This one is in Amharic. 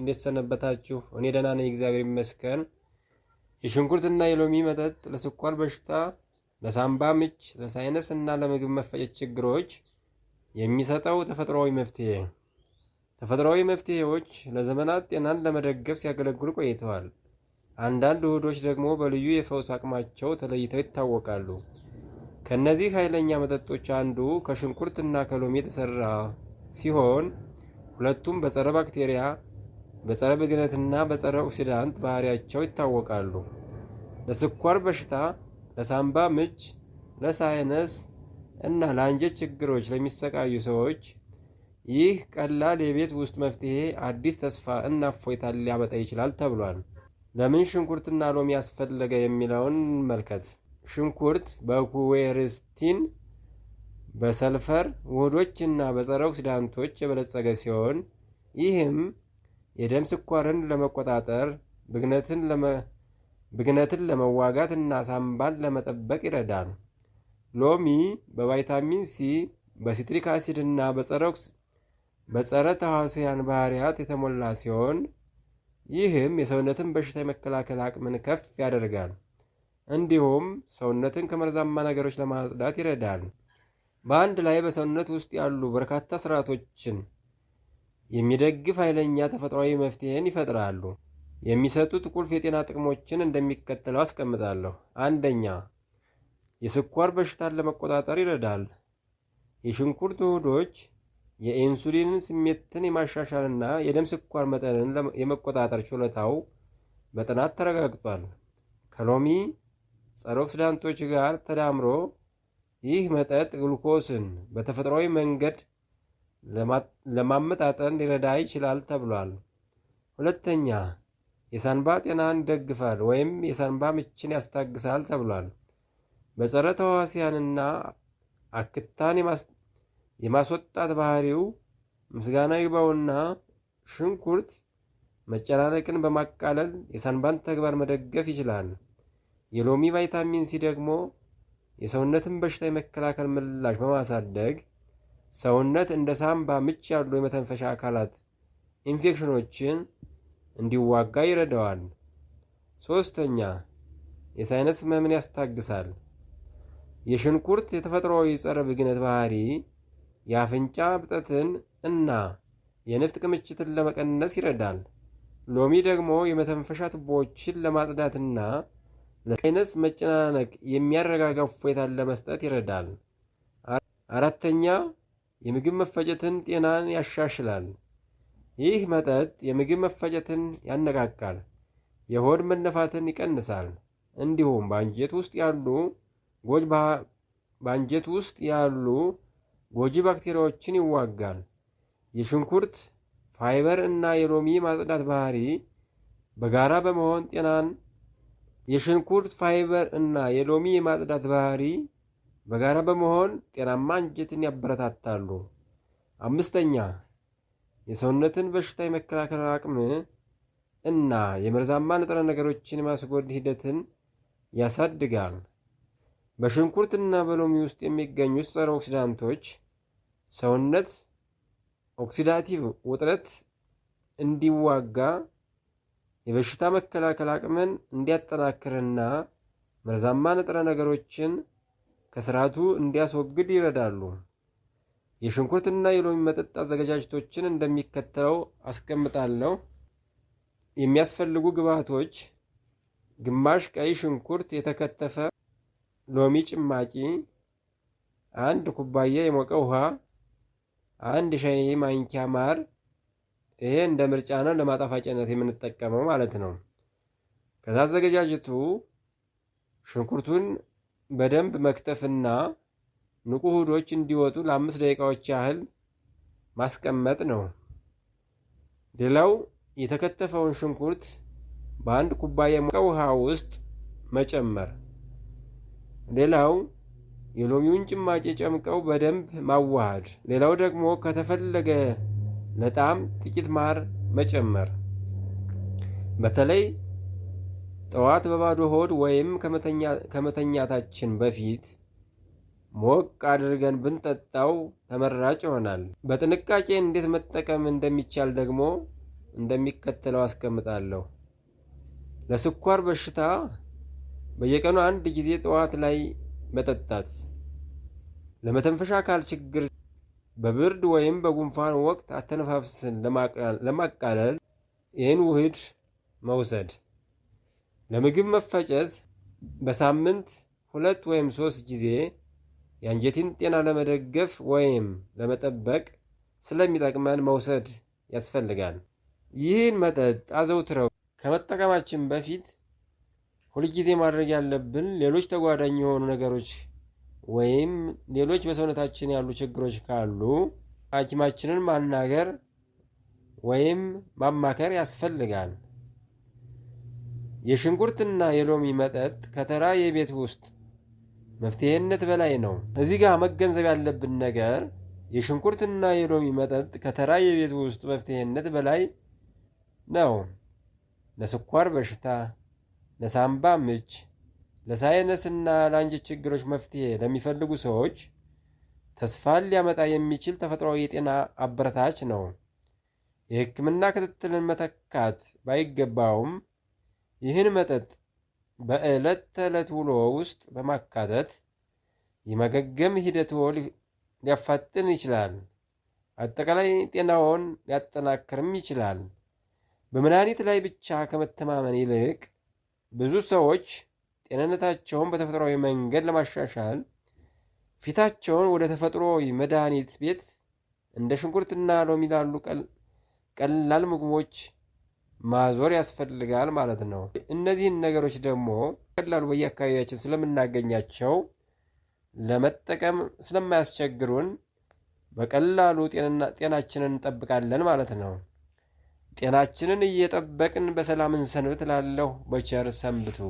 እንዴት ሰነበታችሁ? እኔ ደህና ነኝ፣ እግዚአብሔር ይመስገን። የሽንኩርትና የሎሚ መጠጥ ለስኳር በሽታ፣ ለሳምባ ምች፣ ለሳይነስ እና ለምግብ መፈጨት ችግሮች የሚሰጠው ተፈጥሯዊ መፍትሄ። ተፈጥሯዊ መፍትሄዎች ለዘመናት ጤናን ለመደገፍ ሲያገለግሉ ቆይተዋል። አንዳንድ ውህዶች ደግሞ በልዩ የፈውስ አቅማቸው ተለይተው ይታወቃሉ። ከእነዚህ ኃይለኛ መጠጦች አንዱ ከሽንኩርትና ከሎሚ የተሰራ ሲሆን ሁለቱም በጸረ ባክቴሪያ በጸረ ብግነትና በጸረ ኦክሲዳንት ባህሪያቸው ይታወቃሉ። ለስኳር በሽታ፣ ለሳምባ ምች፣ ለሳይነስ እና ለአንጀት ችግሮች ለሚሰቃዩ ሰዎች ይህ ቀላል የቤት ውስጥ መፍትሄ አዲስ ተስፋ እና እፎይታን ሊያመጣ ይችላል ተብሏል። ለምን ሽንኩርትና ሎሚ ያስፈለገ የሚለውን እንመልከት። ሽንኩርት በኩዌርስቲን በሰልፈር ውህዶች እና በጸረ ኦክሲዳንቶች የበለጸገ ሲሆን ይህም የደም ስኳርን ለመቆጣጠር ብግነትን ለመዋጋት እና ሳምባን ለመጠበቅ ይረዳል። ሎሚ በቫይታሚን ሲ፣ በሲትሪክ አሲድ እና በጸረ ተዋሲያን ባህሪያት የተሞላ ሲሆን ይህም የሰውነትን በሽታ የመከላከል አቅምን ከፍ ያደርጋል። እንዲሁም ሰውነትን ከመርዛማ ነገሮች ለማጽዳት ይረዳል። በአንድ ላይ በሰውነት ውስጥ ያሉ በርካታ ስርዓቶችን የሚደግፍ ኃይለኛ ተፈጥሯዊ መፍትሄን ይፈጥራሉ። የሚሰጡት ቁልፍ የጤና ጥቅሞችን እንደሚከተለው አስቀምጣለሁ። አንደኛ የስኳር በሽታን ለመቆጣጠር ይረዳል። የሽንኩርት ውህዶች የኢንሱሊንን ስሜትን የማሻሻልና የደም ስኳር መጠንን የመቆጣጠር ችሎታው በጥናት ተረጋግጧል። ከሎሚ ጸረ ኦክሲዳንቶች ጋር ተዳምሮ ይህ መጠጥ ግሉኮስን በተፈጥሯዊ መንገድ ለማመጣጠን ሊረዳ ይችላል ተብሏል። ሁለተኛ የሳንባ ጤናን ይደግፋል ወይም የሳንባ ምችን ያስታግሳል ተብሏል። በጸረ ተዋሲያንና አክታን የማስወጣት ባህሪው ምስጋና ይግባውና ሽንኩርት መጨናነቅን በማቃለል የሳንባን ተግባር መደገፍ ይችላል። የሎሚ ቫይታሚን ሲ ደግሞ የሰውነትን በሽታ የመከላከል ምላሽ በማሳደግ ሰውነት እንደ ሳምባ፣ ምች ያሉ የመተንፈሻ አካላት ኢንፌክሽኖችን እንዲዋጋ ይረዳዋል። ሶስተኛ የሳይነስ ህመምን ያስታግሳል። የሽንኩርት የተፈጥሮዊ ጸረ ብግነት ባህሪ የአፍንጫ እብጠትን እና የንፍጥ ክምችትን ለመቀነስ ይረዳል። ሎሚ ደግሞ የመተንፈሻ ቱቦዎችን ለማጽዳትና ለሳይነስ መጨናነቅ የሚያረጋጋ እፎይታን ለመስጠት ይረዳል። አራተኛ የምግብ መፈጨትን ጤናን ያሻሽላል። ይህ መጠጥ የምግብ መፈጨትን ያነቃቃል፣ የሆድ መነፋትን ይቀንሳል። እንዲሁም በአንጀት ውስጥ ያሉ ጎጅ በአንጀት ውስጥ ያሉ ጎጂ ባክቴሪያዎችን ይዋጋል። የሽንኩርት ፋይበር እና የሎሚ ማጽዳት ባህሪ በጋራ በመሆን ጤናን የሽንኩርት ፋይበር እና የሎሚ የማጽዳት ባህሪ በጋራ በመሆን ጤናማ አንጀትን ያበረታታሉ። አምስተኛ የሰውነትን በሽታ የመከላከል አቅም እና የመርዛማ ንጥረ ነገሮችን የማስጎድ ሂደትን ያሳድጋል። በሽንኩርትና በሎሚ ውስጥ የሚገኙት ጸረ ኦክሲዳንቶች ሰውነት ኦክሲዳቲቭ ውጥረት እንዲዋጋ የበሽታ መከላከል አቅምን እንዲያጠናክርና መርዛማ ንጥረ ነገሮችን ከስርዓቱ እንዲያስወግድ ይረዳሉ። የሽንኩርትና የሎሚ መጠጥ አዘገጃጀቶችን እንደሚከተለው አስቀምጣለሁ። የሚያስፈልጉ ግብአቶች ግማሽ ቀይ ሽንኩርት፣ የተከተፈ ሎሚ ጭማቂ፣ አንድ ኩባያ የሞቀ ውሃ፣ አንድ ሻይ ማንኪያ ማር። ይሄ እንደ ምርጫ ነው፣ ለማጣፋጫነት የምንጠቀመው ማለት ነው። ከዛ አዘገጃጀቱ ሽንኩርቱን በደንብ መክተፍና ንቁ ውህዶች እንዲወጡ ለአምስት ደቂቃዎች ያህል ማስቀመጥ ነው። ሌላው የተከተፈውን ሽንኩርት በአንድ ኩባያ ሞቀ ውሃ ውስጥ መጨመር። ሌላው የሎሚውን ጭማቂ ጨምቀው በደንብ ማዋሃድ። ሌላው ደግሞ ከተፈለገ ለጣዕም ጥቂት ማር መጨመር። በተለይ ጠዋት በባዶ ሆድ ወይም ከመተኛታችን በፊት ሞቅ አድርገን ብንጠጣው ተመራጭ ይሆናል። በጥንቃቄ እንዴት መጠቀም እንደሚቻል ደግሞ እንደሚከተለው አስቀምጣለሁ። ለስኳር በሽታ በየቀኑ አንድ ጊዜ ጠዋት ላይ መጠጣት። ለመተንፈሻ አካል ችግር በብርድ ወይም በጉንፋን ወቅት አተነፋፍስን ለማቃለል ይህን ውህድ መውሰድ ለምግብ መፈጨት በሳምንት ሁለት ወይም ሶስት ጊዜ የአንጀትን ጤና ለመደገፍ ወይም ለመጠበቅ ስለሚጠቅመን መውሰድ ያስፈልጋል። ይህን መጠጥ አዘውትረው ከመጠቀማችን በፊት ሁልጊዜ ማድረግ ያለብን ሌሎች ተጓዳኝ የሆኑ ነገሮች ወይም ሌሎች በሰውነታችን ያሉ ችግሮች ካሉ ሐኪማችንን ማናገር ወይም ማማከር ያስፈልጋል። የሽንኩርትና የሎሚ መጠጥ ከተራ የቤት ውስጥ መፍትሄነት በላይ ነው። እዚህ ጋር መገንዘብ ያለብን ነገር የሽንኩርትና የሎሚ መጠጥ ከተራ የቤት ውስጥ መፍትሄነት በላይ ነው። ለስኳር በሽታ፣ ለሳምባ ምች፣ ለሳይነስና ለአንጀት ችግሮች መፍትሄ ለሚፈልጉ ሰዎች ተስፋን ሊያመጣ የሚችል ተፈጥሯዊ የጤና አበረታች ነው። የሕክምና ክትትልን መተካት ባይገባውም ይህን መጠጥ በዕለት ተዕለት ውሎ ውስጥ በማካተት የመገገም ሂደትዎ ሊያፋጥን ይችላል። አጠቃላይ ጤናውን ሊያጠናክርም ይችላል። በመድኃኒት ላይ ብቻ ከመተማመን ይልቅ ብዙ ሰዎች ጤንነታቸውን በተፈጥሯዊ መንገድ ለማሻሻል ፊታቸውን ወደ ተፈጥሯዊ መድኃኒት ቤት እንደ ሽንኩርትና ሎሚ ላሉ ቀላል ምግቦች ማዞር ያስፈልጋል ማለት ነው። እነዚህን ነገሮች ደግሞ ቀላሉ በየአካባቢያችን ስለምናገኛቸው ለመጠቀም ስለማያስቸግሩን በቀላሉ ጤናችንን እንጠብቃለን ማለት ነው። ጤናችንን እየጠበቅን በሰላም እንሰንብት እላለሁ። በቸር ሰንብቱ።